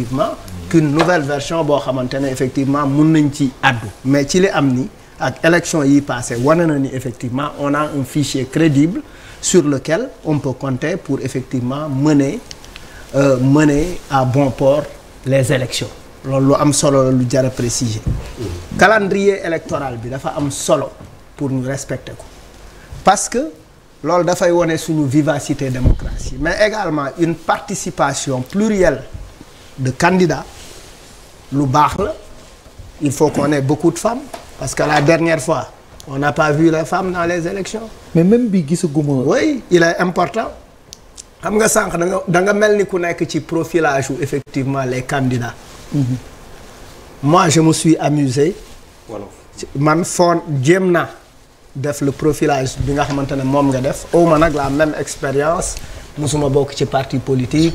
effectivement qu'une nouvelle version bo xamantene effectivement nañ ci mais ci li am ni ak élection yi passé wonana ni effectivement on a un fichier crédible sur lequel on peut compter pour effectivement mener euh, mener à bon port les élections loolu am solo lu préciser calendrier électoral bi dafa am solo pour nous respecter parce que da fay woné suñu vivacité démocratie mais également une participation plurielle de candidats il faut qu'on ait beaucoup de femmes parce que la dernière fois on n'a pas vu les femmes dans les élections mais même se oui il est important Je sais, que da profilage effectivement les candidats mhm. moi je me suis amusé Je me le profilage bi nga Je me la même expérience musuma Je parti politique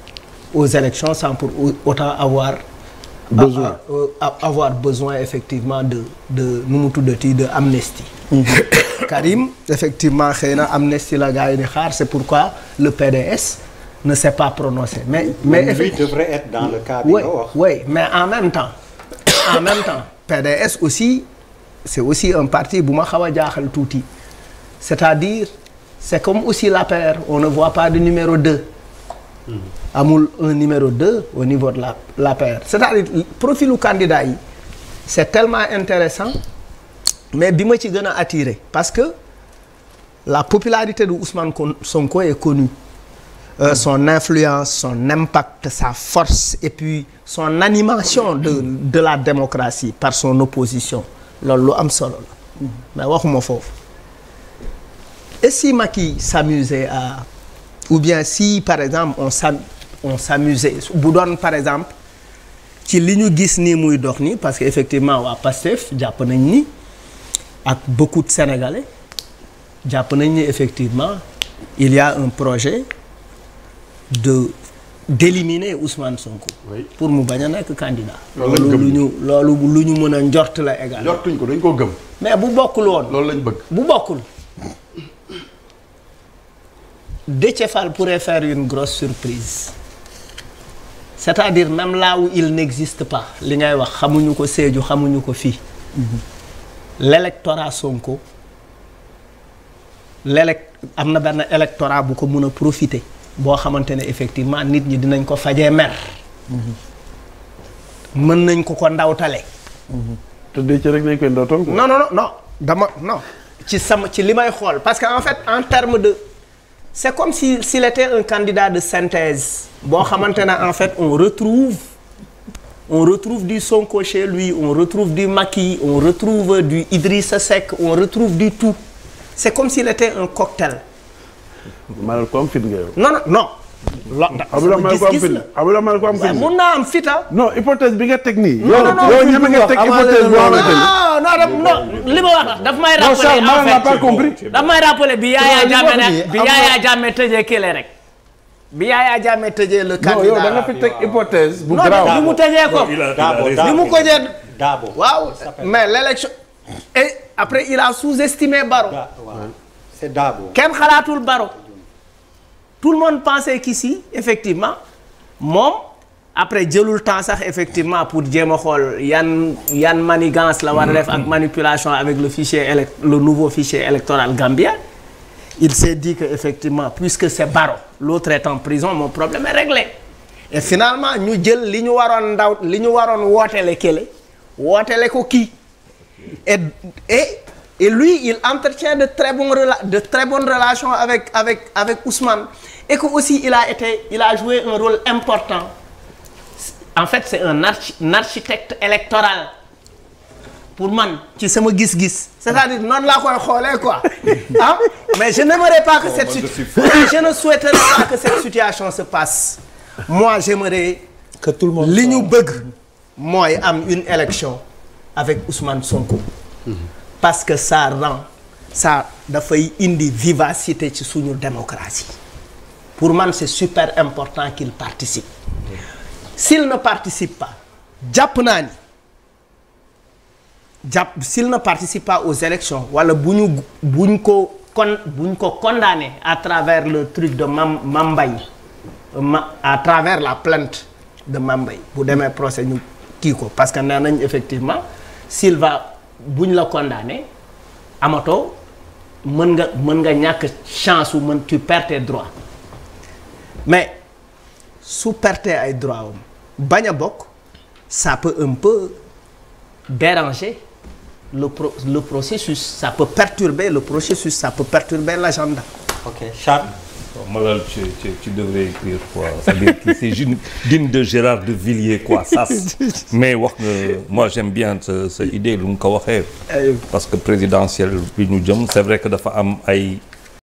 aux élections sans pour autant avoir besoin avoir besoin effectivement de de nu de de mm-hmm. Karim effectivement c'est pourquoi le PDS ne s'est pas prononcé. mais mais lui devrait être dans le cadre. Oui, oui mais en même temps en même temps PDS aussi c'est aussi un parti c'est-à-dire c'est comme aussi la paire, on ne voit pas de numéro 2. Mm-hmm. amul un numéro 2 au niveau de la paire c'est-à-dire du candidat c'est tellement intéressant mais je suis attiré parce que la popularité de Ousmane Sonko est connue euh, mm-hmm. son influence son impact sa force et puis son animation de la démocratie par son opposition mm-hmm. mais et si Macky s'amusait à ou bien si par exemple on on s'amusait bu par exemple ci liñu muy parce que effectivement wa PASTEF ni ak beaucoup de sénégalais effectivement il y a un projet de d'éliminer Ousmane Sonko. pour mu baña a candidat. mais Decefal pourrait faire une grosse surprise c'est-à-dire même là où il n'existe pas li ngay wax xamuñu ko Sédhiou xamuñu ko fii mhm. l'électorat Sonko l'élect amna na électorat bu ko mun a profiter boo xamante effectivement nit ñi dinañ ko fajee mer mhm. mën nañ ko ko ndawtale mhm. te Déthié rek lañ koy ndawtal non non non dama non ci sama ci li may parce qu'en fait en termes de c'est comme s'il était un candidat de synthèse Bon, maintenant, en fait on retrouve on retrouve du son chez lui on retrouve du maquis. on retrouve du Idrissa sec. on retrouve du tout c'est comme s'il était un cocktail. non non non. la mun naa am fita non hypothèse bi nga teg nii. non non yow ñeme li ma wax daf may rappeler en bi Yaya Jammeh rek bi Yaya Jammeh tëjee kële rek. bi Yaya Jammeh tëjee le candidat. non da nga fi teg hypothèse. bu garaaw mu tëjee ko li mu ko jël. waaw mais l'élection et après il a sous-estimé Barrow. c'est kenn xalaatul Barrow. tout le monde pensait qu'ici effectivement mom, après jëlul temps sax effectivement pour jéem Yann xool yan manigance la war a def mm-hmm. manipulation avec le fichier le nouveau fichier électoral gambien il s'est dit que effectivement puisque c'est Baro, l'autre est en prison mon problème est réglé et finalement nous avons li ñu waroon ndaw li ñu waroon wootele kële wootele ko et et et lui, il entretient de très, bonnes de très bonnes relations avec, avec, avec Ousmane. Et que aussi, il a, été, il a joué un rôle important. En fait, c'est un, architecte électoral. Pour moi, c'est mon gis cest C'est-à-dire, non, là, quoi, ah? Mais je n'aimerais pas que cette Je ne souhaiterais pas que cette situation se passe. Moi, j'aimerais que tout le monde. L'Union Bug, moi, une élection avec Ousmane Sonko. Mhm parce que ça rend ça fay indi vivacité ci suñu démocratie pour moi, c'est super important qu'il participe s'il ne participe pas japp s'il ne participe pas aux élections wala buñu buñ condamné à travers le truc de à travers la plainte de Mambay bu démé procès ñu kiko parce que effectivement s'il va buñ la condamné amato, mën nga mën nga chance ou mën tu perds tes droits mais su perte ay droits baña bok, ça peut un peu déranger le le processus ça peut perturber le processus ça peut perturber l'agenda ok Charles tu, devrais écrire quoi. C'est digne de Gérard de Villiers, quoi. Ça, mais moi, j'aime bien cette idée, parce que présidentielle, c'est vrai que y